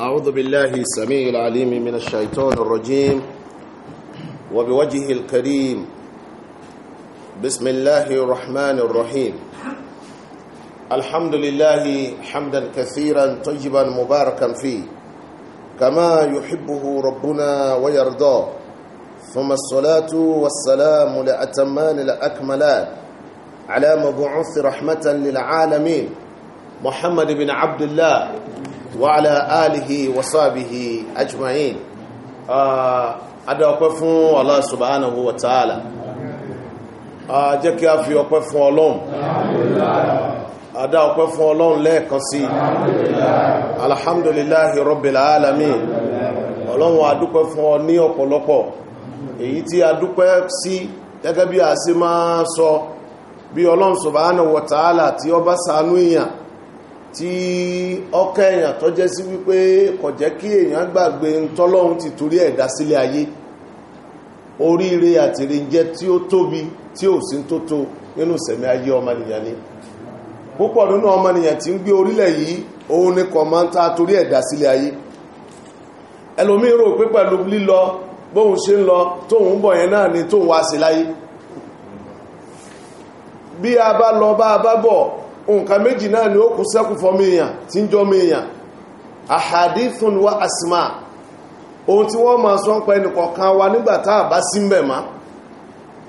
أعوذ بالله السميع العليم من الشيطان الرجيم وبوجهه الكريم بسم الله الرحمن الرحيم الحمد لله حمدا كثيرا طيبا مباركا فيه كما يحبه ربنا ويرضاه ثم الصلاة والسلام لأتمان لأكملان على مبعوث رحمة للعالمين محمد بن عبد الله وعلى آله وصحبه أجمعين wa ta'ala a jẹ́ kí a fi ọpẹ́ fún Ọlọ́run ada ọpẹ́ fún Ọlọ́run lẹ́ẹ̀kan sí alhamdulillahi rabbil alamin Ọlọ́run adúpẹ́ fún ọ ní ọ̀pọ̀lọpọ̀ tí ọkẹ́ èèyàn tó jẹ́ sí wípé kò jẹ́ kí èèyàn gbàgbé ń tọ́lọ́run ti torí ẹ̀dá sílé ayé oríire àti ríjẹ́ tí ó tóbi tí ò sí tó tó nínú sẹ̀mí ayé ọmọnìyàn ni púpọ̀ nínú ọmọnìyàn tí ń gbé orílẹ̀ yìí òun ni kọ̀ máa ń ta torí ẹ̀dá sílé ayé ẹlòmí rò pé pẹ̀lú lílọ bóhun ṣe ń lọ tóhun bọ̀ yẹn náà ni tóhun wá sí láyé bí a bá lọ bá a bá bọ̀ nǹkan méjì náà ni ó kù sẹ́kù fọ́míyàn tí ń jọ míyàn àhàdíthun wa asma ohun tí wọ́n máa sọ ń pẹ́ nìkọ̀kan wa nígbàtá àbá sí mẹ́ ma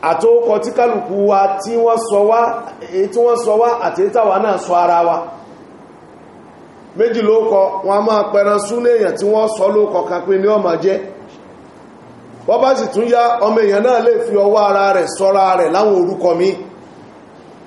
àtókọ tí kálùkù wa tí wọ́n sọ wá àti ìtàwà náà sọ ara wa méjì ló kọ wọn máa pẹran súnú èèyàn tí wọ́n sọ ló kọ̀kan pé ní ọmọ jẹ́ wọ́n bá sì tún yá ọmọ èèyàn náà lè fi ọwọ́ ara rẹ̀ sọ́ra rẹ̀ láwọn orúkọ míì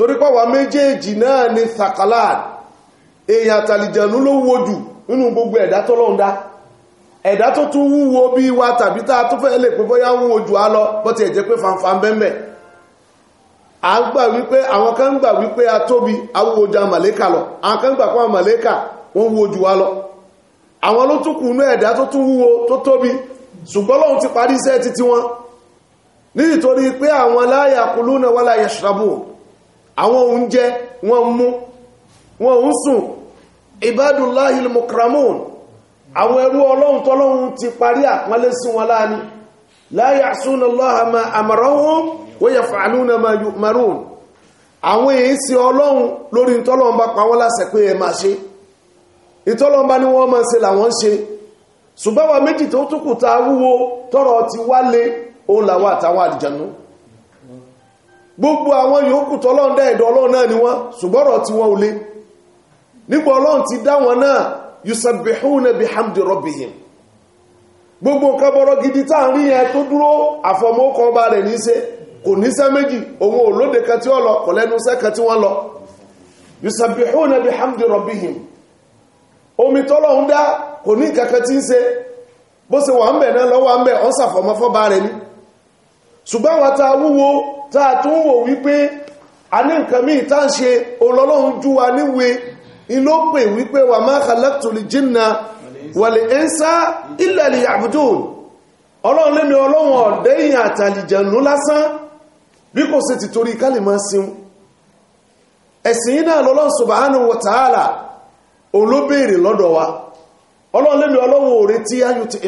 torí pàwà méjèèjì náà ni sakalan èyàn àtàlìjànú ló wojù nínú gbogbo ẹ̀dá tọ́lọ́run dá ẹ̀dá tó tún wúwo bí wa tàbí tá a tó fẹ́ lè pé bóyá ń wojù á lọ bó ti ẹ̀jẹ́ pé fanfan bẹ́ẹ̀ à ń gbà wípé àwọn kan gbà wípé a tóbi awúwojú àmàlékà lọ àwọn kan gbà fún àmàlékà wọ́n wúwojú wa lọ àwọn ló tún kùnú ẹ̀dá tó tún yakuluna wala yashrabun àwọn oúnjẹ wọ́n mú wọ́n ń sùn ibadullahil mukramun àwọn ẹrú ọlọ́run tọ́lọ́run ti parí àpọ́nlé sí wọn láàní la ya'suna Allaha ma amarahum wa yaf'aluna ma yu'marun àwọn èyí sí ọlọ́run lórí ìtọ́lọ́run bá pa wọ́n gbogbo àwọn yòókù tọ́lọ́n dá ọlọ́run náà ni wọ́n ṣùgbọ́rọ̀ ti wọ́n ò nígbà ọlọ́run ti dá wọn náà gbogbo nǹkan gidi tá à yẹn tó dúró àfọmọ́kọ ọba rẹ̀ níṣe kò níṣẹ́ méjì òun ò lóde kan tí ó lọ kò lẹ́nu iṣẹ́ kan tí wọ́n lọ omi tọ́lọ́run dá kò ní kankan tí ń ṣe bó ṣe wà ń bẹ̀ táà tún wò wípé a ní nǹkan míì tá ń ṣe olọ́lọ́run jú wa níwe iló wípé wà má khalaqtu lil jinna wal insa illa liya'budun ọlọ́run lẹ́mi ọlọ́run ọ̀dẹ́ ìyàn àtàlìjẹ̀nú lásán bí kò sí ti torí kálìmọ́ síun ẹ̀sìn yìí náà lọ́lọ́run subhanahu wa ta'ala olóbèèrè lọ́dọ̀ wa ọlọ́run lẹ́mi ọlọ́run ò retí ayùtì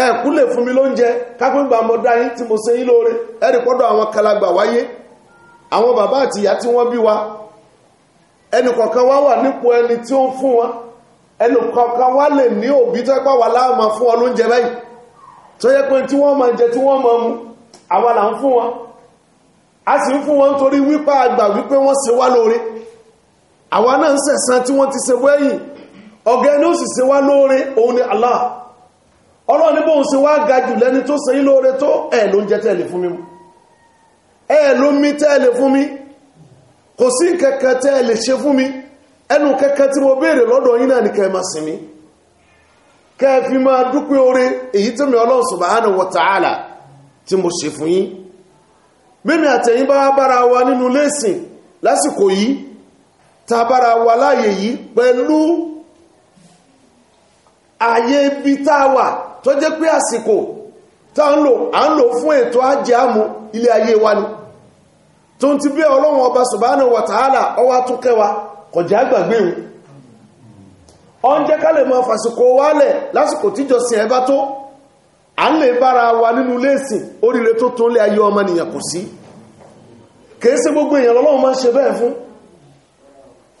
ẹ kú lè fún mi lóúnjẹ kápẹ́gbà mọ́dá tí mo se yín lóore ẹ̀rì pọ́dọ̀ àwọn kalagbà wáyé àwọn bàbá àti ìyá tí wọ́n bí wa ẹnìkọ̀ọ̀kan wá wà ẹni tí ó ń fún wọn ẹnìkọ̀ọ̀kan wá lè ní òbí tó pà láàmà fún ọ lóúnjẹ báyìí tó yẹ pé wọ́n máa jẹ tí wọ́n máa àwa là ń fún wọn a wọn torí wípé àgbà wípé wọ́n ti wẹ́yìn ọ̀gá ẹni ó ọlọ́run ní bóhun sí wá ga jù lẹ́ni tó ṣe ilóore tó ẹ̀ ló ń jẹ tẹ́lẹ̀ fún mi mú ẹ̀ ló mí tẹ́lẹ̀ fún mi kò sí kẹ́kẹ́ tẹ́lẹ̀ ṣe fún mi ẹnu kẹ́kẹ́ tí mo béèrè lọ́dọ̀ yín náà ni kẹ́ máa sinmi kẹ́ fi máa dúpẹ́ oore èyí tí mi ọlọ́run subhanahu wa ta'ala tí mo ṣe tó jẹ́ pé àsìkò tá ń lò à ń lò fún ètò ajé àmú ilé ayé wa ni tó ń ti bí ọlọ́run ọba subhanahu wa ta'ala ọwá tún kẹwa kọjá gbàgbé wọn ọ ń jẹ́ ká lè máa fàsìkò wálẹ̀ lásìkò tíjọsìn ẹ bá tó à ń lè bára wa nínú léèsìn oríire tó tó lé ayé ọmọnìyàn kò sí kìí ṣe gbogbo èèyàn lọ́lọ́run máa ń ṣe bẹ́ẹ̀ fún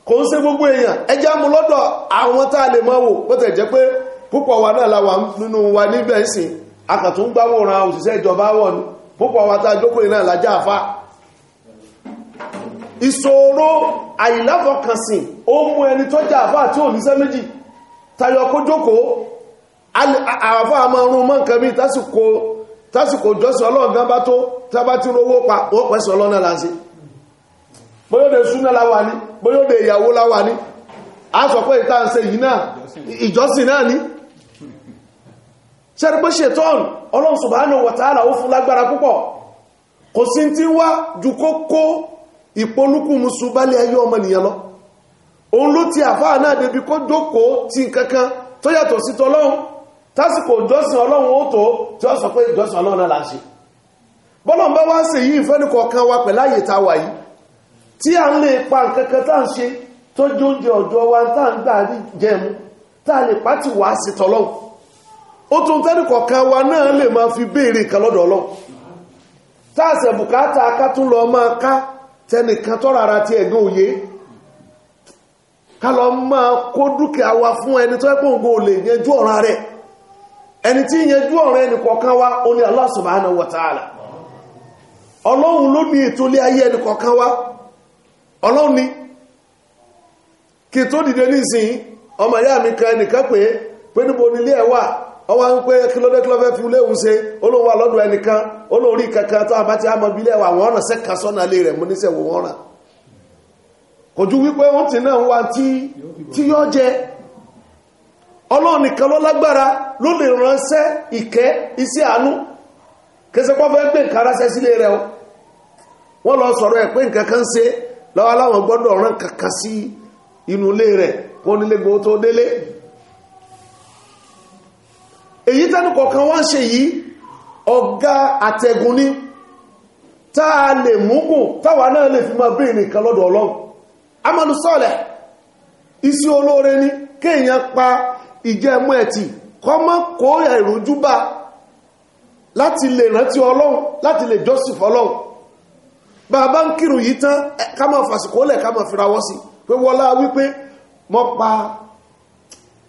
kò ń ṣe gbogbo èèyàn ẹjá mú lọ́dọ̀ àwọn tá a lè máa wò bó tẹ̀ jẹ́ pé púpọ̀ wa náà láwà nínú wa níbẹ̀ ìsìn akàtún gbáwòrán òṣìṣẹ́ ìjọba wọ̀n púpọ̀ wa tá jókòó náà lájá àfá ìṣòro àìláfọkànsìn ó mú ẹni tó já àfá tí ò níṣẹ́ méjì tayọ kó jókòó àwàfá a máa rún mọ́ nǹkan bí tásìkò jọ́sìn ọlọ́ọ̀gán bá tó tábá tí rówó pa wọ́n pẹ̀sẹ̀ ọlọ́nà láti bóyóde súnà láwà ní bóyóde ìyàwó láwà ìjọsìn náà ní ṣẹ́rí pé ṣetán ọlọ́run ó fún lágbára púpọ̀ kò sí tí wá kó kó musu ayé ọmọnìyàn lọ ló ti àfáà náà débi kó jókòó ti nkankan tó yàtọ̀ sí tọlọ́run tásìkò ọlọ́run ó tó tí ó sọ pé ọlọ́run náà wa ta wà yìí tí a ń lè pa nkankan tá ń ṣe tó jóúnjẹ ọ̀dọ́ wa tá ń gbà rí tá a lè wá ó tún tẹ́nìkọ̀ọ̀kan wa náà lè máa fi béèrè kan lọ́dọ̀ ọlọ́ táàsẹ̀ bùkátà ká lọ máa ká ara ti ẹ̀gbọ́n òye ká lọ máa kó dúkìá wa fún ẹni tó ẹ̀pọ̀ ògbò lè yanjú ọ̀ràn rẹ̀ ẹni tí yanjú ọ̀ràn ẹnìkọ̀ọ̀kan wa ó ní ọlọ́run ló ní ètò ilé ayé wa ọlọ́run ni kí tó dìde nísìnyí ọmọ ìyá mi kan ẹnìkan ọwọ́ ń pé kílódékílọ́fẹ́ fi léwu ṣe olówó alọ́dọ̀ ẹnìkan olórí kankan tó àbátí àmọ́bílẹ̀ wà wọ́n rán sẹ́ka sọ́nà lè rẹ̀ mú níṣẹ̀wò wọ́n rán kò ju wípé wọ́n ti náà wá tí yọ́ jẹ ọlọ́run ló lágbára ló lè ìkẹ́ iṣẹ́ àánú fẹ́ nǹkan sọ̀rọ̀ ẹ̀ èyí tẹ́nu kọ̀ọ̀kan wá ń ṣe yìí ọ̀gá àtẹ̀gùn ní táa lè múgùn táwa náà lè fi máa bèèrè nìkan lọ́dọ̀ ọlọ́run amadu sọ́ọ̀lẹ̀ isi olóore ní kéèyàn pa ìjẹ́mú ẹ̀tì kọ́mọ́ kó ẹ̀rùjúbà láti lè rántí ọlọ́run láti lè jọ́sìn fọlọ́run bàbá ń kírun yìí tán ká máa fàsìkò lẹ̀ ká máa firawọ́ sí pé wọ́lá wípé mọ́ pa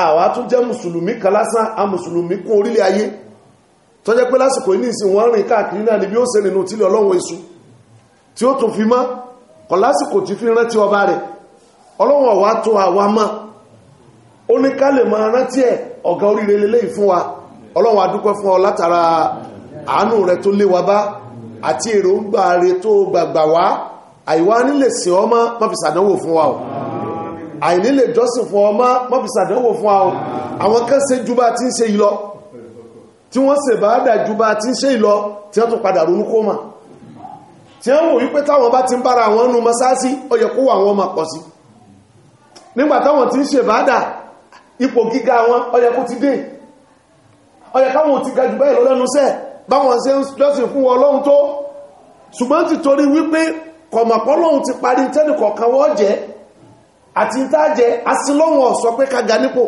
àwa tún jẹ́ mùsùlùmí kan a mùsùlùmí kún orílẹ̀ ayé tó jẹ́ pé lásìkò ní ìsìn wọ́n rìn káàkiri náà ni bí ó se nínú tílẹ̀ ọlọ́run èṣù tí ó tún fi mọ́ kọ lásìkò tí fi rántí ọba rẹ̀ ọlọ́run ọ̀wá tó àwa mọ́ ó ní ká lè máa rántí ẹ̀ ọ̀gá oríire àìní lè jọ́sìn fún ọmọ mọ́fisàdánwò fún àwọn àwọn kan ṣe ju bá ti ń ṣe ìlọ tí wọ́n ṣe bá dà ju bá ti ń ṣe ìlọ tí wọ́n tún padà ronú kó mà tí wọ́n wò wípé táwọn bá ti ń bára àwọn nu mọ́sáàsì ó yẹ kó wà wọ́n máa pọ̀ sí nígbà táwọn ti ń ṣe bá dà ipò gíga wọn ó yẹ kó ti dé ó yẹ káwọn ti ga jù báyìí lọ́lẹ́nu sẹ́ẹ̀ wọ́n jẹ́ àti ìtajẹ asílọ́hun ọ̀sọ́ pé kaga nípò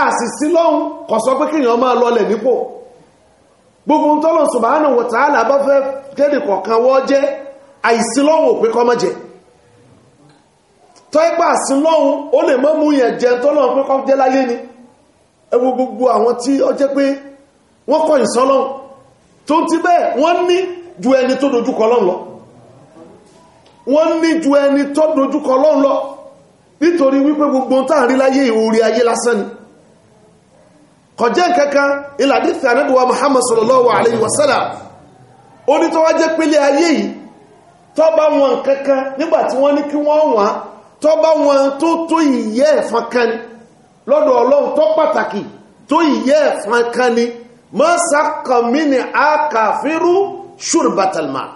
àsìsílọ́hun kọ̀ sọ pé kíyàn máa lọlẹ̀ nípò gbogbo ń tọ́lọ̀ subhanahu wa bá fẹ́ kéde kọ̀kan wọ́ jẹ́ àìsílọ́hun òpé kọ́ mọ́jẹ tọ́ ipá àsílọ́hun ó lè mọ́ mú yẹn jẹ tọ́lọ̀ ni gbogbo ti ju eni to wọ́n ní ju ẹni tó dojúkọ Ọlọ́run lọ nítorí wípé gbogbo tàà rí láyé ìwúrí ayé lásán ni kọjẹ́ kankan ìlàdí fi ànẹ́bùwa Muhammad sallallahu alayhi wa sallam oní tó wá jẹ́ pélé ayé yìí tó bá wọn kankan nígbàtí wọ́n ní kí wọ́n wọ́n tó bá wọn tó tó ìyẹ́ ẹ̀fọn kan ni lọ́dọ̀ Ọlọ́run tó pàtàkì tó ìyẹ́ ẹ̀fọn kan ni mọ́sàkọ̀mí ni a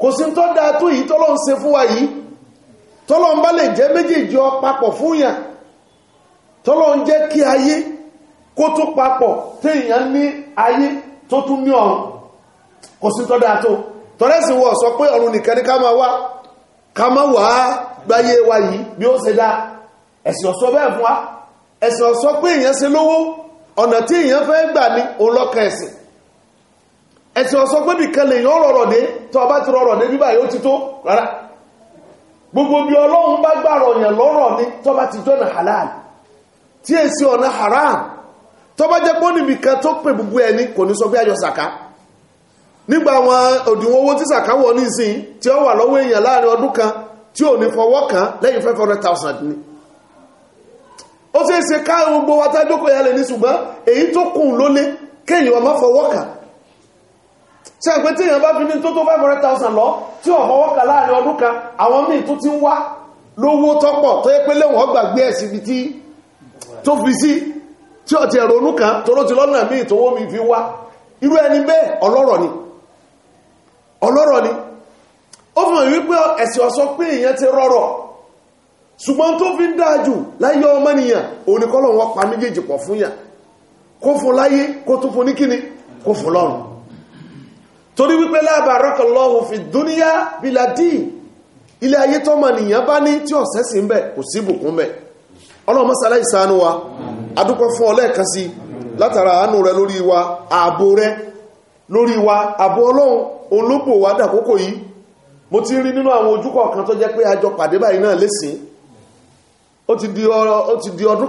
kò sí tó dáa tó yìí tọ́lọ́ ń ṣe fún wa yìí tọ́lọ́ ń bá lè jẹ́ méjèèjì ọ papọ̀ fún yàn tọ́lọ́ ń jẹ́ kí ayé kó tó papọ̀ téèyàn ní ayé tó tún ní ọ̀run kò sí tó dáa tó tọ́lẹ́sì wọ̀ sọ pé ọ̀run nìkan ní ká wá ká máa gbáyé wa yìí bí ó ṣe dáa ẹ̀sìn ọ̀sọ́ bẹ́ẹ̀ fún wa ẹ̀sìn ọ̀sọ́ pé èèyàn ṣe lówó ọ̀nà tí èèyàn fẹ́ gbà ní olọ́kẹ̀ẹ́sìn ẹ̀sìn ọ̀sọ́ pé nìkan lè yán rọ̀rọ̀ dé ti rọ̀rọ̀ dé bíbá yóò ti tó rárá gbogbo bí ọlọ́run bá gbàrọ̀ yàn lọ́rọ̀ ní tó bá ti jọ́nà halal tí è sí ọ̀nà haram tó bá jẹ́ pọ́ nìkan tó pè gbogbo ẹni kò ní sọ pé ayọ̀ sàká nígbà àwọn òdìwọ̀n owó tí sàká wọ tí ẹgbẹ́ tí èyàn bá fi ní tó tó 500,000 lọ tí ọmọ wọ́kà láàrin ọdún kan àwọn míì tó ti ń wá lówó tọ́pọ̀ tó yẹ pé lẹ́wọ̀n gbàgbé ẹ̀ tí tó fi sí tí ọ ti ẹ̀rọ onúkan tó ló ti lọ́nà míì tó wó mi fi wá ni ọlọ́rọ̀ ni ó fi hàn wípé ẹ̀sìn ọ̀sọ́ pé ti rọrọ̀ ṣùgbọ́n tó fi ń láyé pa méjèèjì pọ̀ fún kó fún láyé kó tún fún ní kíni torí wípé lábàrákọ̀lọ́hùn fi dúníyà bíládì ilé ayé tó mọ̀ nìyàn bá ní tí ọ̀sẹ́ sí ń bẹ̀ kò sí bùkún bẹ̀ ọlọ́mọ́sálá ìsànú wa adúpẹ́ fún ọlẹ́ẹ̀kan látara àánú rẹ lórí wa ààbò rẹ lórí wa ààbò ọlọ́run olóbò wa dàkókò yìí mo ti rí nínú àwọn ojú kan tó jẹ́ pé àjọ pàdé báyìí náà lẹ́sìn ó ti di ọdún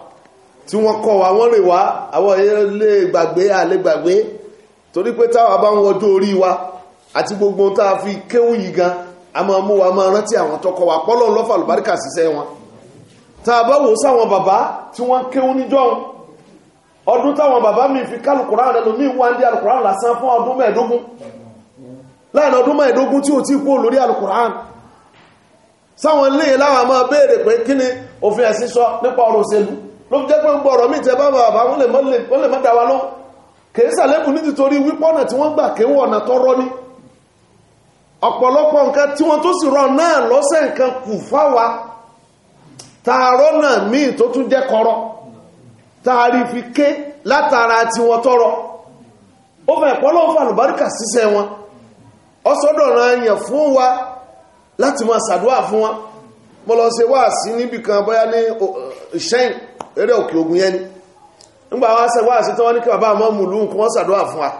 tí wọ́n kọ́ wa wọ́n rè wá àwọn ilé gbàgbé àlè torí pé táwa bá ń wọjú orí wa àti gbogbo tá a fi kéwù yìí gan a máa mú wa máa rántí àwọn tọkọ wa pọ́lọ́ lọ́fà lùbáríkà ṣiṣẹ́ wọn tá a bá wò sáwọn bàbá tí wọ́n kéwù níjọ́ ọdún táwọn bàbá mi fi kálùkùrán rẹ̀ lómi wá ń dí ló jẹ́ pé gbọ́ ọ̀rọ̀ mi tẹ bá bàbá wọ́n lè mọ́ dáwà lọ kèé sàlẹ́kù ní títorí wípọ́nà tí wọ́n gbà kéwọ́ ọ̀nà tọ́rọ́ ní ọ̀pọ̀lọpọ̀ nǹkan tí wọ́n tó sì rọ náà lọ́sẹ̀ nǹkan kù fáwa tààrọ́ náà míì tó tún jẹ́ kọ̀rọ̀ tààrí fi ké látara tí wọ́n tọ́rọ ó fẹ́ pọ́ lọ́wọ́ fàlùbáríkà síṣẹ́ wọn ọsọ́dọ̀ ràn yàn fún wa láti máa ṣàdúà fún wọn mo lọ ṣe wáàsí níbìkan bóyá ní ṣẹ́yìn eré òkè ogun yẹn ni nígbà wá sẹ wá sí tọ́wọ́ ní kí bàbá àmọ́ mú lù nǹkan wọ́n sàdúrà fún wa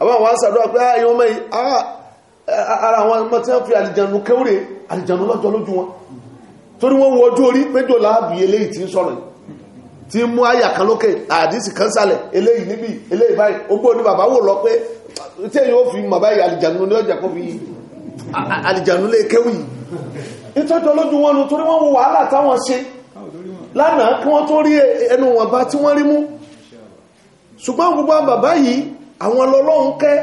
bàbá wọn sàdúrà pé ààyè ọmọ yìí ara àwọn ọmọ tí wọ́n fi àlìjànú kéwúrè àlìjànú lọ́jọ́ lójú wọn torí wọ́n wo ojú orí péjò láàbì eléyìí tí ń sọ̀rọ̀ yìí tí mú àyà kan lókè àdísì kan sálẹ̀ eléyìí níbi eléyìí báyìí ogbó ní bàbá wò lọ pé tí èyí ó fi mọ̀ báyìí àlìjànú ní ọjà kó fi àlìjànú lè kéwì ìtọ́jọ́ lójú wọn nu torí wọ́n wo wàhálà táwọn ṣe lánàá kí wọ́n tó rí ẹnu wọn bá tí wọ́n rí mú ṣùgbọ́n gbogbo bàbá yìí àwọn lọ́lọ́run kẹ́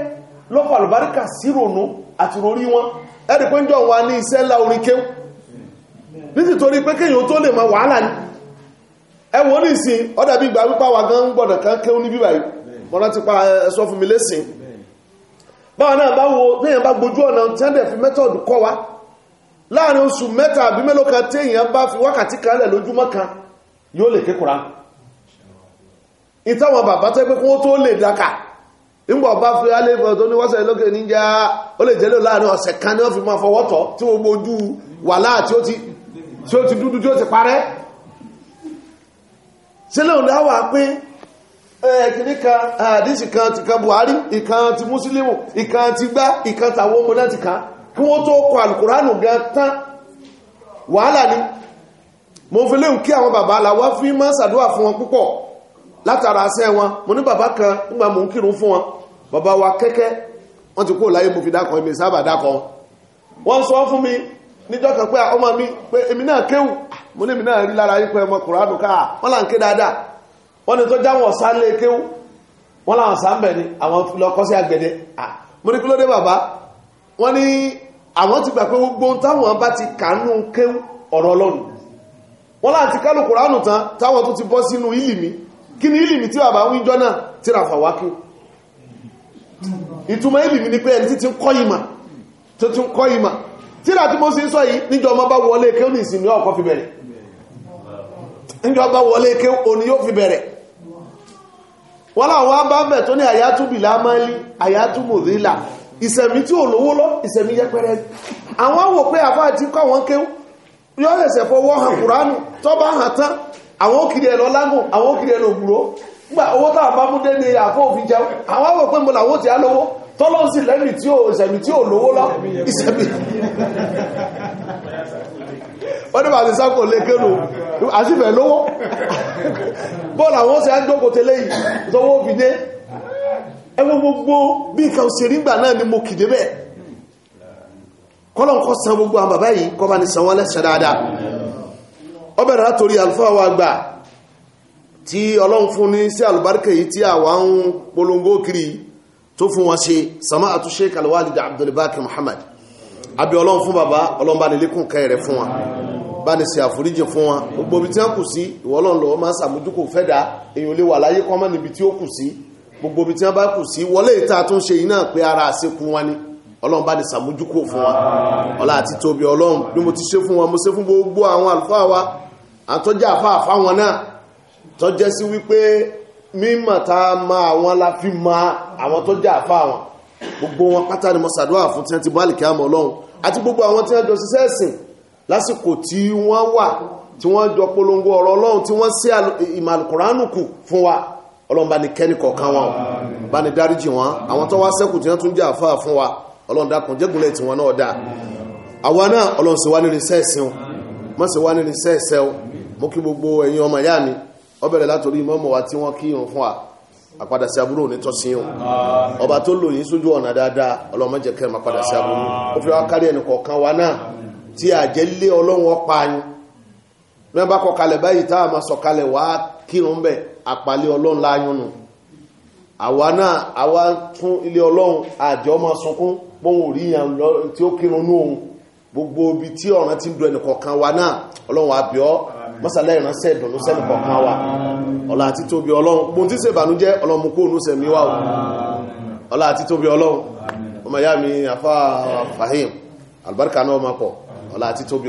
lọ́pàá àlùbáríkà sí ronú àti rorí wọn ẹ̀rì pé ń jọ wà ní iṣẹ́ lá orí kéw nítorí pé kéèyàn tó lè mọ wàhálà ní ẹwọ́n ní ìsìn ọ̀dà bí gbà wípá wà gan gbọ̀dọ̀ kan kéw ní bíbà yìí ti pa láàrin oṣù mẹ́ta àbí mélòó kan tí èyàn bá fi wákàtí kan lẹ̀ lójúmọ́ kan yóò lè kékùrá ìtàwọn bàbá tẹ́ pé kó tó lè dákà nígbà bá fi alẹ́bọ̀ tó ní wọ́sẹ̀ lókè níjà ó lè jẹ́lẹ̀ láàrin ọ̀sẹ̀ kan ní ó fi máa fọwọ́tọ̀ tí ó gbójú wà láà tí ó ti àdísì kan ti kan Buhari ìkan ti Mùsùlùmù ìkan ti gbá ìkan tàwọn ọmọ ti kan kí wọ́n tó kọ alùkùránù gan tán wàhálà ni mo fi léhùn kí àwọn bàbá aláwọ́ fi máa sàdúwà fún wọn púpọ̀ látara asẹ́ wọn mo ní bàbá kan nígbà mo ń kírun fún wọn bàbá wa kẹ́kẹ́ wọ́n ti kó láyé mo fi dákan èmi sábà dákan wọ́n sọ fún mi níjọ́ kan pé ọmọ mi pé èmi náà kéwù mo ní èmi náà rí lára yípo ẹmọ kùránù káà wọ́n là ń ké dáadáa wọ́n ni tó jáwọ̀ sálé kéwù wọ́n làwọn sáńbẹ̀ ni àwọn lọ kọ́ sí àgbẹ̀dẹ mo ní kí ló dé bàbá wọ́n ní àwọn ti gbà pé gbogbo táwọn bá ti kàánú kéwú ọ̀rọ̀ ọlọ́run wọ́n láti kálù kùránù tán táwọn tó ti bọ́ sínú ìlìmí kí ni ìlìmí tí bàbá náà ìtumọ̀ ìlìmí ni pé ẹni tí ti ń kọ́ ìmà wọ́n láwọn bá mẹ́ tó ní àyátúbìlá ìsẹ̀mí tí ò lówó lọ ìsẹ̀mí yẹpẹrẹ àwọn wò pé àbá àti kọ́ àwọn kéwú yọ́ ẹ̀sẹ̀ fọwọ́ hàn kùránù tó hàn tán àwọn òkìrí ẹ̀lọ lágùn àwọn òkìrí ẹ̀lọ ògbúrò gbà owó tàà bá múdé ní àfọ́ òfin jẹun àwọn àwọn òpin mọ́lá wọ́n ti á lówó isemi. ẹwọ gbogbo bí nǹkan òsèré ìgbà náà ni mo kìdé bẹ́ẹ̀ kọ́lọ̀nkọ́ san gbogbo àwọn bàbá yìí kọ́ bá ní san wọ́n lẹ́sẹ̀ dáadáa ó wa gbà tí ọlọ́run fún ní sí àlùbáríkà yìí tí àwa ń polongo kiri tó fún wọn ṣe sama àtúnṣe kalwalid muhammad àbí ọlọ́run fún bàbá ọlọ́run bá ní lékún kẹrẹ fún wa bá ní ṣe àforíjì fún wa gbogbo ibi tí wọ́n kù sí gbogbo ibi tí wọ́n bá kù sí wọlé ìta tún ṣe iná pé ara àṣekú wọn ni ọlọ́run bá ní sàmójúkò fún wa ọlá àti tóbi ọlọ́run bí mo ti ṣe fún wa mo ṣe fún gbogbo àwọn àlùfáà wa àtọ́jà àfáà fáwọn náà tọ́jẹ́ sí wípé mímọ̀ ma àwọn la ma àwọn tọ́jà àfáà wọn gbogbo wọn pátá ni mo ṣàdúrà fún tí wọ́n ti bá àlìkẹ́ àmọ́ ọlọ́run àti gbogbo àwọn tí wọ́n jọ ṣiṣẹ́ ẹ̀sìn lásìkò tí wọ́n wà tí wọ́n jọ polongo ọ̀rọ̀ ọlọ́run tí wọ́n sí ìmàlùkùránù kù fún wa ọlọ́run bá ní kẹ́ni kọ̀ọ̀kan wọn bá ní dáríjì wọn àwọn tó wá sẹ́kù tí wọ́n tún jẹ́ àfáà fún wa ọlọ́run dákun jẹ́gùnlẹ̀ tí wọn náà dá àwa náà ọlọ́run sì wá ní irinṣẹ́ ẹ̀sìn o má sì wá ní irinṣẹ́ ẹ̀sẹ̀ o mo kí gbogbo ẹ̀yin ọmọ ìyá mi ó bẹ̀rẹ̀ látòrí mọ́mọ́ wa tí wọ́n kí irun fún wa àpadà sí aburú òní tọ́sí o ọba tó lò yín sójú ọ̀nà dáadáa ọlọ́run má jẹ́ kẹ́ má padà sí aburú ó fi wá kárí ẹnì kọ̀ọ̀kan wa náà tí àjẹ́ lé ọlọ́run ọ̀pá yín mẹ́bàá kọ̀kalẹ̀ báyìí tá a máa sọ̀kalẹ̀ wá kírun bẹ́ẹ̀ àpàlé ọlọ́run láyúnnù àwa náà àwa tún ilé ọlọ́run àjọ ọmọ sunkún bóhun rí ìyàn tí ó kírun ní ohun gbogbo ibi tí ọ̀ràn ti ń dùn ẹnìkọ̀ọ̀kan wa náà ọlọ́run àbíọ́ mọ́sàlẹ̀ ìránṣẹ́ ìdùnnú sẹ́nìkọ̀ọ̀kan wa ọlá àti tóbi ọlọ́run pòun tí ṣèbànújẹ́ ọlọ́run kó ònú sẹ̀mí wà ọlá àti tóbi ọlọ́run ọmọ ìyá mi afá Fahim albarka náà máa pọ̀ ọlá àti tóbi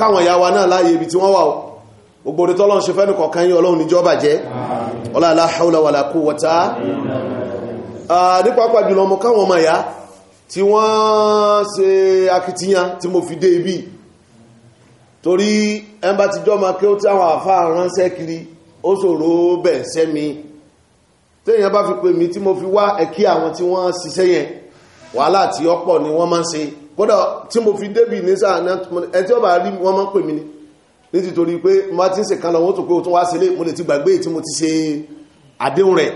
káwọn ìyá wa náà láàyè ibi tí wọ́n wà ògbòrò tọ́lọ́n ṣe fẹ́nu kọ̀kan yí ọlọ́run níjọba jẹ́ ọlá haula wala quwwata ah, nípa pàpà jùlọ mọ̀ káwọn ọmọ ìyá tí wọ́n ṣe akitiyan tí mo fi dé ibi torí ẹmbà ti jọma kí ó tí àwọn àfá ránṣẹ́ kiri ó ṣòro bẹ̀ sẹ́mi téèyàn bá fi pè mí tí mo fi wá ẹ̀kí àwọn tí wọ́n ṣiṣẹ́ yẹn wàhálà tí ọ̀pọ̀ ni wọ́n máa ń ṣe kódà tí mo fi débì ní sáà ẹni tí ó rí wọ́n máa ń pè mí ni ní ti torí pé martin se kan lọ́wọ́ tó pé o tún wá sílé mo lè ti gbàgbé tí mo ti ṣe àdéhùn rẹ̀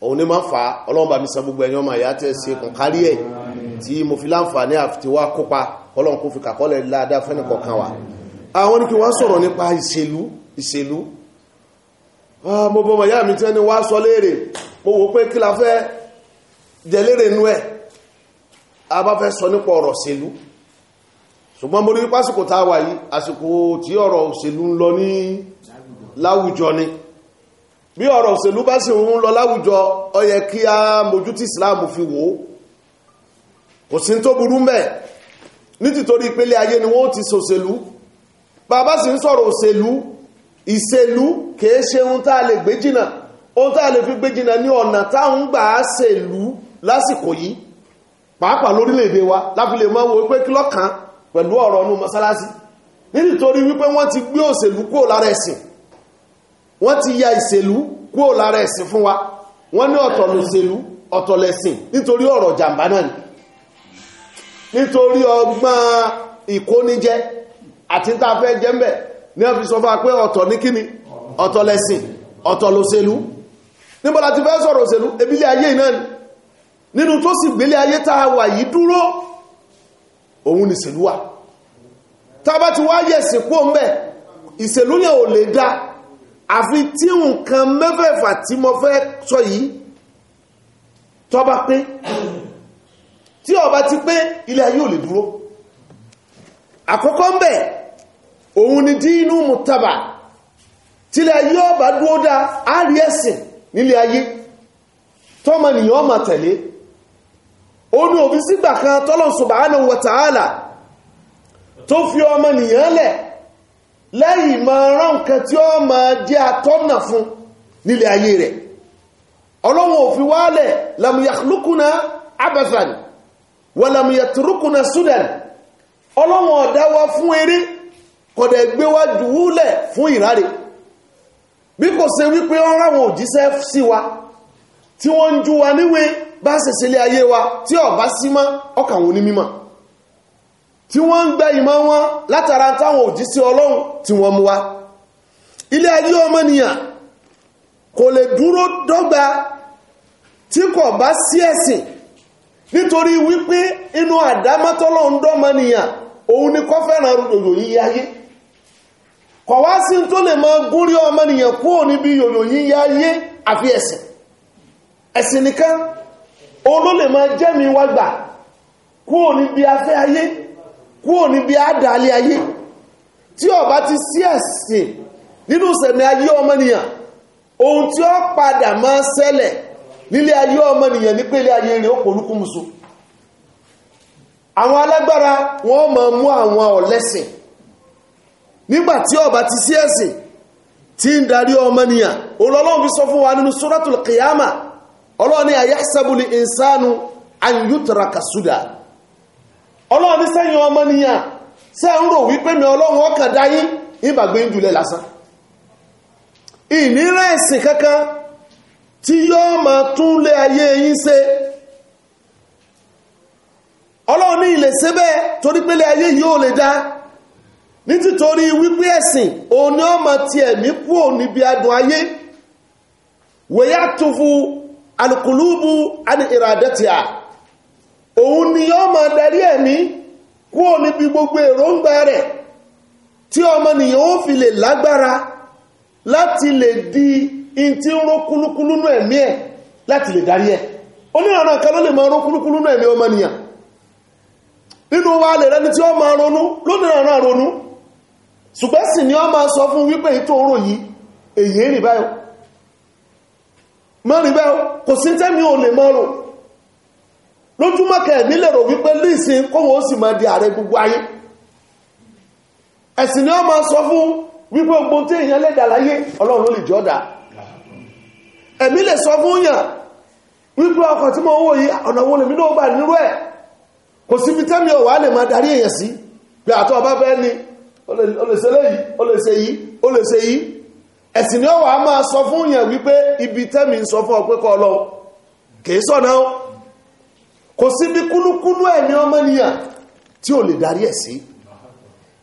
òun ní máa fa ọlọ́run bá mi san gbogbo ẹ̀yàn ọmọ tẹ́ ṣe kùn kárí ẹ̀ tí mo fi láǹfààní àfitiwá kópa ọlọ́run fi kàkọ́lẹ̀ ládá fẹ́ni kọ̀ọ̀kan wa àwọn ni wá sọ léèrè mo wò pé kí la fẹ́ jẹ léèrè nú ẹ̀ a bá fẹ́ sọ ṣùgbọ́n mo rí pásìkò tá a wà yìí àsìkò tí ọ̀rọ̀ òṣèlú ń lọ ní láwùjọ ni bí ọ̀rọ̀ òṣèlú bá sì ń lọ láwùjọ ó yẹ kí a mojú tí Islam fi wò ó kò sí tó burú mẹ́ nítìtorí ìpele ayé ni wọ́n ti ṣòṣèlú bàbá sì ń sọ̀rọ̀ òṣèlú ìṣèlú kìí ṣe ohun tá a lè gbé jìnà ohun tá a lè fi gbé jìnà ní ọ̀nà táwọn gbà á ṣèlú lásìkò yìí pàápàá lórílẹ̀-èdè wa láfi lè mọ́ wo pé kí lọ́kàn pẹ̀lú ọ̀rọ̀ ọ̀nù mọ́sálásí nítorí wípé wọ́n ti gbé òṣèlú kúrò lára ẹ̀sìn wọ́n ti ya ìṣèlú kúrò lára ẹ̀sìn fún wa wọ́n ní ọ̀tọ̀ lòṣèlú ọ̀tọ̀ lẹ̀sìn nítorí ọ̀rọ̀ jàǹbá náà ni nítorí ọgbọ́n ìkóníjẹ àti tá a fẹ́ jẹ́ mbẹ̀ ní wọ́n fi sọ fún wa pé ọ̀tọ̀ ní kíni ọ̀tọ̀ lẹ̀sìn ọ̀tọ̀ ti fẹ́ sọ̀rọ̀ òṣèlú ebílẹ̀ ayé náà ni nínú tó sì gbélé ayé tá a wà yìí dúró òun ni ìṣèlú wà tàbá ti wá yẹ̀ sí pò ń bẹ̀ ìṣèlú yẹn ò lè dá àfi tí nǹkan mẹ́fẹ̀ẹ̀fà tí mo fẹ́ sọ yìí tó bá pé tí ó bá ti pé ilẹ̀ ayé ò lè dúró àkọ́kọ́ ń òun ni dínú mùtàbà tílẹ̀ ayé ó bá dá àárí ẹ̀sìn nílẹ̀ ayé tọ́mọ nìyàn ọmọ tẹ̀lé ó ní òbí sígbà kan tọ́lọ̀ subhanahu wa ta'ala tó fi ọmọ nìyàn lẹ̀ lẹ́yìn ma rán nǹkan tí ó ma jẹ́ atọ́nà fún nílé ayé rẹ̀ ọlọ́wọ̀n òfin wálẹ̀ lam yakhlukuna abathan wa lam yatrukuna sudan ọlọ́wọ̀n ọ̀dá fún eré kọ̀dẹ̀ gbé wá fún ìráre bí kò ṣe wípé ọ́n ráwọn sí wa tí wọ́n ń jú wa níwé bá lé ayé wa tí ọ bá sí mọ́ wọn ní mímọ̀ tí wọ́n ń ìmọ̀ wọn látara táwọn òjísí ọlọ́run tí wọ́n mú wa ilé ayé ọmọnìyàn kò lè dúró dọ́gba tí kò bá sí ẹ̀sìn nítorí wípé inú àdámọ́tọ́lọ́ ń dọ́mọnìyàn òun ni kọ́ fẹ́ràn yòyò kọ̀wá sí tó lè mọ ẹ̀sìn nìkan òun ló lè máa jẹ́mi wá gbà kúrò níbi afẹ́ ayé kúrò níbi àdàlẹ́ ayé tí ó bá ti sí ẹ̀sìn nínú sẹ̀mí ayé ọmọnìyàn ohun tí ó padà máa ṣẹlẹ̀ nílé ayé ọmọnìyàn ní pé ilé ayé rẹ̀ ó pòlúkúmusu àwọn alágbára wọ́n máa mú àwọn ọ̀lẹ́sìn nígbàtí ó bá ti sí ẹ̀sìn tí ń darí ọmọnìyàn Ọlọ́run fi sọ fún wa nínú suratul qiyamah ọlọ́ni àyásẹ́bùlì ìsánú àyútàràkà súdà ọlọ́ni sẹ́yìn ọmọ níyà sẹ́ ń rò wípé mi ọlọ́run ọkàn dáyí ìbàgbé ń jùlẹ̀ lásán ìnírẹ̀ ẹ̀sìn kankan tí yóò ma tún lé ayé yí ilẹ̀ sẹ́bẹ̀ torí pé lé ayé yóò lè dá ti ẹ̀mí níbi adùn ayé alùkùlùbù àni a òun ni yọ ma darí ẹ̀mí kúrò níbi gbogbo èròǹgbà rẹ̀ tí ọmọnìyàn ó fi lè lágbára láti lè di in tí ń ró kúlúkúlú nú ẹ̀mí ẹ̀ láti lè darí ẹ̀ onírànà kan ló lè máa ró kúlúkúlú nú ẹ̀mí ọmọnìyàn nínú wa lè rẹni tí ó máa ronú lónìrànà ronú ṣùgbẹ́sì ni ó máa sọ mọ́rin bẹ́ kò sí tẹ́mi ò lè mọ́rùn lójúmọ́kẹ̀ nílẹ̀rọ wípé líìsìn kóhùn ó sì máa di ààrẹ gbogbo ayé ẹ̀sìn ni ó máa sọ fún wípé ogun tí èèyàn lẹ́dà láyé ọlọ́run lè jọ́dà ẹ̀mí lè sọ fún yàn wípé ọkọ̀ tí mo wó yí ọ̀nà wo lèmi náà gbà nírú ẹ̀ kò síbi tẹ́mi ò wà lè máa darí èèyàn sí àtọ́ ọba fẹ́ ni ó lè ṣe yìí ẹ̀sìn ni ó wà á máa sọ fún yẹn wípé ibi tẹ́mi ń sọ fún ọ pé kọ́ lọ kìí sọ̀nà ó kò sí bí kúlúkúlú ẹ̀mí ọmọnìyàn tí ò lè darí ẹ̀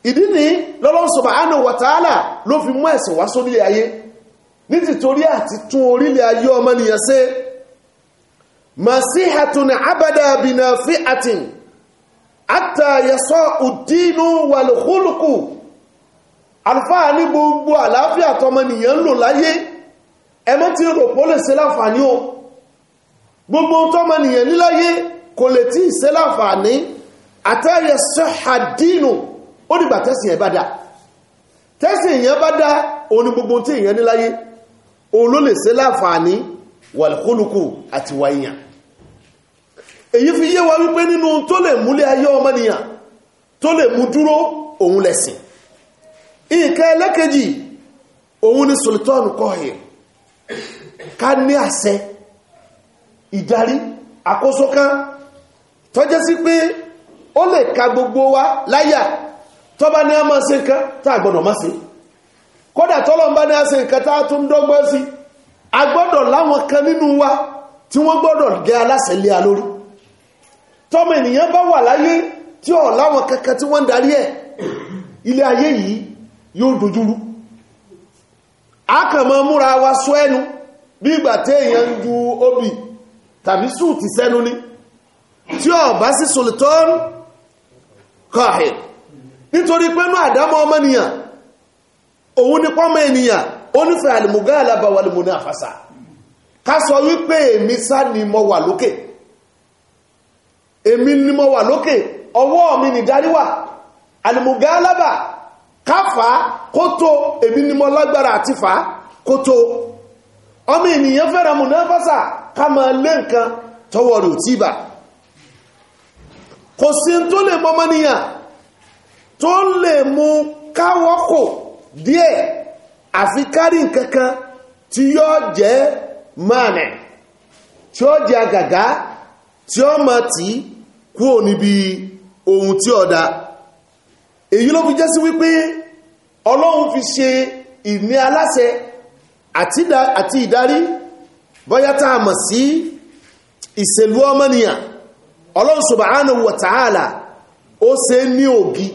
ìdí ni lọ́lọ́run subhanahu wa ta'ala ló fi mú ẹ̀sìn wá sórílẹ̀ ayé ní àti tún orílẹ̀ ayé ọmọnìyàn ṣe masihatun abada binafi'atin hatta yasa'u ad-dinu wal khuluqu alfáà ní gbogbo àlàáfíà tọmọnìyàn lò láyé ẹmọ́ tí rò pó lè ṣe láǹfààní o gbogbo tọmọnìyàn níláyé kò lè tí ṣe láǹfààní àtẹ́yẹ sọ́hàdínù ó dìgbà tẹ́sìn ẹ̀ bá dá tẹ́sìn èyàn bá dá òní gbogbo tí èyàn níláyé òun ló lè ṣe láǹfààní wàlúkúlùkù àti wáyìyàn èyí fi yé wa wípé nínú tó lè múlé ayé ọmọnìyàn tó lè mú dúró òun lẹ̀sìn ìkẹlẹ́ elekeji òun ni sultan kọ́hì ka ní ase ìdarí àkóso kan tó jẹ́ pé ka gbogbo wa laya tó bá ní a ma ṣe nǹkan ta a gbọ́dọ̀ máa ṣe kódà ní a se nǹkan tá a tún si a láwọn kan nínú wa tí wọ́n yóò dojúrú akàmọ́ múra wa sọ ẹnu bí ìgbà tí èyàn ń ju obì tàbí súùtì sẹ́nu ní tí ó bá sí sultan kahir nítorí pẹ́nú àdámọ́ ọmọnìyàn òun ní pọ́mọ ènìyàn ó nífẹ̀ẹ́ àlìmùgá alábàwà ní àfàsà ká sọ wípé èmi sá ni mo wà lókè èmi ni mo wà lókè ọwọ́ mi nìdarí wà àlìmùgá alábàá káfà koto èmi ni mo lágbára àti fà kótó ọmọ ènìyàn fẹ́ràn mù náà fásà ká máa lé nǹkan tọwọ́ rẹ̀ tí bà kò sí tó lè mọ́mọ́ níyàn tó lè mú káwọ́kò díẹ̀ àfi kárí nǹkankan tí yóò jẹ́ mánẹ̀ tí ó jẹ́ àgàgá tí ó ohun tí ọ̀dá èyí ló fi jẹ́ sí wípé ọlọ́run fi ṣe ìmí aláṣẹ àti ìdarí bọ́yá tá a mọ̀ sí ìṣèlú ọmọnìyàn ọlọ́run subhanahu wa ta'ala ó ṣe ní ògì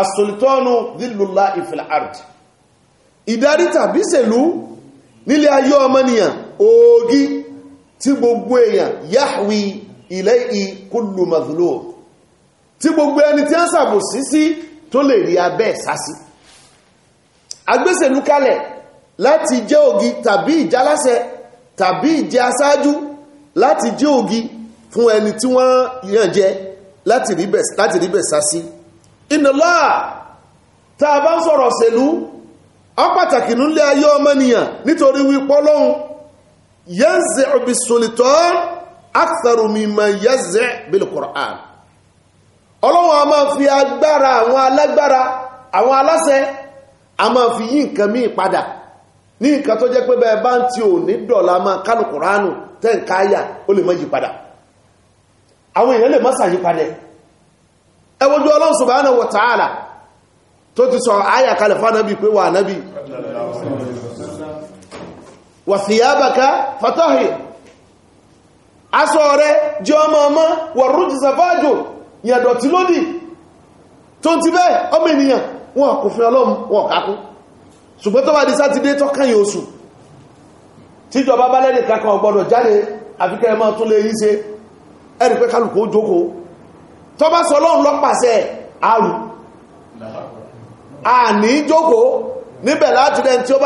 as-sultanu dhillullahi fil ard ìdarí tàbí ìṣèlú nílé ayé ọmọnìyàn ògì tí gbogbo èèyàn yahwi ilayhi kullu mazlum tí gbogbo ẹni tí a ń sàbòsí sí tó lè rí abẹ́ ìsásí agbésẹ̀lú kalẹ̀ láti jẹ́ ògi tàbí ìjálásẹ tàbí ìjẹ asáájú láti jẹ́ ògi fún ẹni tí wọ́n yàn jẹ láti ríbẹ̀ sásí ìnàlá tàà bá ń sọ̀rọ̀ sẹ̀lú ọ pàtàkì nílé ayé ọmọnìyàn nítorí wípé Ọlọ́hun yẹ́zẹ̀ òbí solitọ́ akthar mimma yẹ́zẹ̀ bil Qur'an ọlọ́run a máa fi agbára àwọn alágbára àwọn aláṣẹ a máa fi yí nǹkan míì padà ní nǹkan tó jẹ́ pé bẹ́ẹ̀ bá ń ti ò ní dọ̀la máa kánù kùránù tẹ́ǹkà ayà ó lè má yí padà àwọn èèyàn lè má ṣàyí ẹ wojú ọlọ́run subhanahu wa ta'ala tó ti sọ ayà kalẹ̀ fánàbí pé wà nábì wà síyábàká fatahir aṣọ rẹ̀ jẹ́ ọmọ ọmọ wà rújì sàfájò ìyẹ̀dọ̀tí lódì tó ti bẹ́ẹ̀ ọmọ ènìyàn wọn kò fi ọlọ́run wọn kákún ṣùgbọ́n tó bá di sátidé tó kẹ́yìn oṣù tíjọba bá lẹ́nì kankan ọgbọ́dọ̀ jáde àfikẹ́ ẹmọ́ tó lè yí ṣe ẹ̀rì pé kálùkù ó jókòó tó bá sọ ọlọ́run lọ́pàṣẹ àrù àní jókòó níbẹ̀ láti rẹ̀ tí ó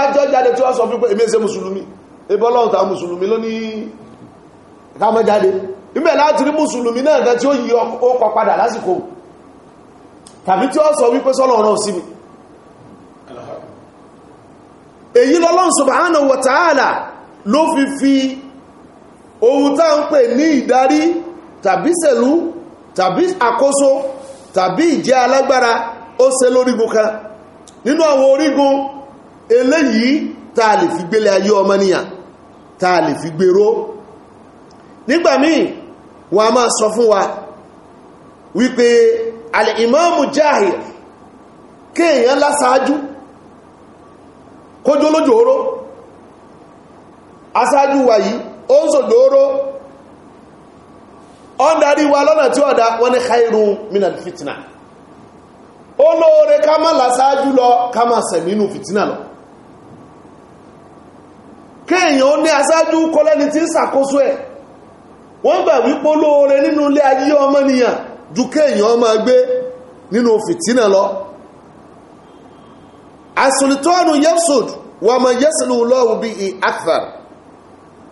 níbẹ̀ láti rí mùsùlùmí náà nǹkan tí ó yí ọkọ̀ padà lásìkò tàbí tí ó sọ wípé sọ́lọ̀ ọ̀rọ̀ sí mi èyí lọ́lọ́n subhanahu wa ta'ala ló fi fi ohun tá ń pè ní ìdarí tàbí sẹ̀lú tàbí àkóso tàbí ìjẹ́ alágbára ó ṣe lórígun kan nínú àwọn orígun eléyìí tá lè fi gbélé ayé ọmọnìyàn tá lè fi gbèrò nígbàmíì wọ́n a máa sọ fún wa wípé alìmọ́mù jahir kéèyàn lásáájú kójó lójòóró asáájú wà yìí ó ń sòjòóró ọ́n darí wa lọ́nà tí ọ̀dá wọ́n ní khairu minal fitna ó lóore ká má lásáájú lọ ká má sẹ̀mínú fitna lọ kéèyàn ó ní asáájú kọ́lẹ́ni tí ń sàkóso ẹ̀ wọ́n gbà wípó lóore nínú ilé ayé ọmọnìyàn ju kéèyàn ọmọ gbé nínú fìtínà lọ asùlítọ́nù yẹ́sùd wà mọ̀ yẹ́sùlù lọ́wọ́ bí i akthar